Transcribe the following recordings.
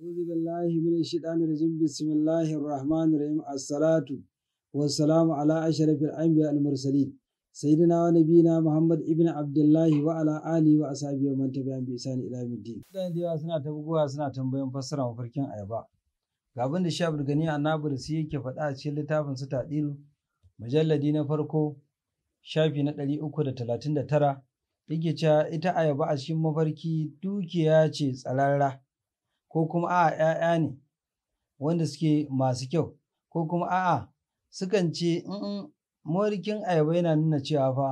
أعوذ بالله من الشيطان الرجيم بسم الله الرحمن الرحيم الصلاة والسلام على أشرف الأنبياء المرسلين سيدنا ونبينا محمد ابن عبد الله وعلى آله وأصحابه ومن تبعهم بإحسان إلى يوم الدين. dan da suna ta buguwa suna tambayan fassara mafarkin ayaba. Ga abin da Shabir Gani Annabur sai yake faɗa a cikin littafin su Tadilu mujalladi na farko shafi na ɗari uku da talatin da tara yake cewa ita ayaba a cikin mafarki dukiya ce tsararra. ko kuma a'a ‘ya'ya ne wanda suke masu kyau ko kuma a'a sukan ce in morikin ayaba yana nuna cewa fa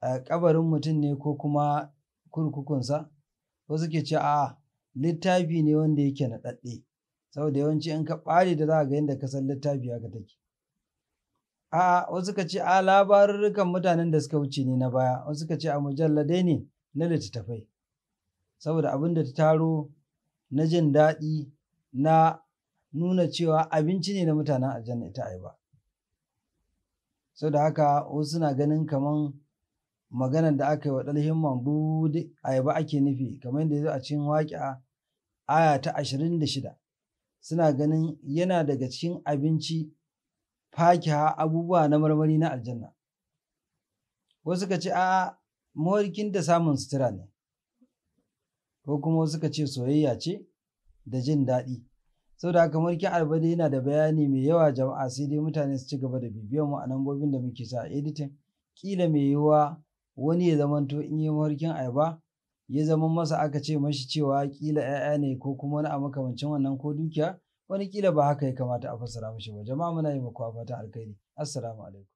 a kabarin mutum ne ko kuma kurkukunsa ko suke ce a'a littafi ne wanda yake naɗaɗɗe saboda yawanci in ka ɓare da za ga yadda ka san littafi haka take a wasu ka ce a labarurrukan mutanen da suka wuce ne na baya wasu ka ce a mujalladai ne na littattafai saboda abin da ta taro na jin daɗi na nuna cewa abinci ne na mutanen aljanna ita ayaba. Sau da haka wasu na ganin kamar maganar da aka yi wa ɗalhin mambu ayaba ake nufi kamar yadda zo a cikin waƙi'a aya ta ashirin da shida. Suna ganin yana daga cikin abinci fakiha abubuwa na marmari na aljanna. Wasu ka ce a mawarkin da samun sutura ne. ko kuma suka ce soyayya ce da jin daɗi saboda haka mulkin albani yana da bayani mai yawa jama'a sai dai mutane su ci gaba da bibiyar mu a lambobin da muke sa editing kila mai yiwuwa wani ya zamanto in yi mafarkin ayaba ya zama masa aka ce mashi cewa ƙila ƴaƴa ne ko kuma wani a makamancin wannan ko dukiya wani ƙila ba haka ya kamata a fassara mashi ba jama'a muna yi muku fatan alkhairi assalamu alaikum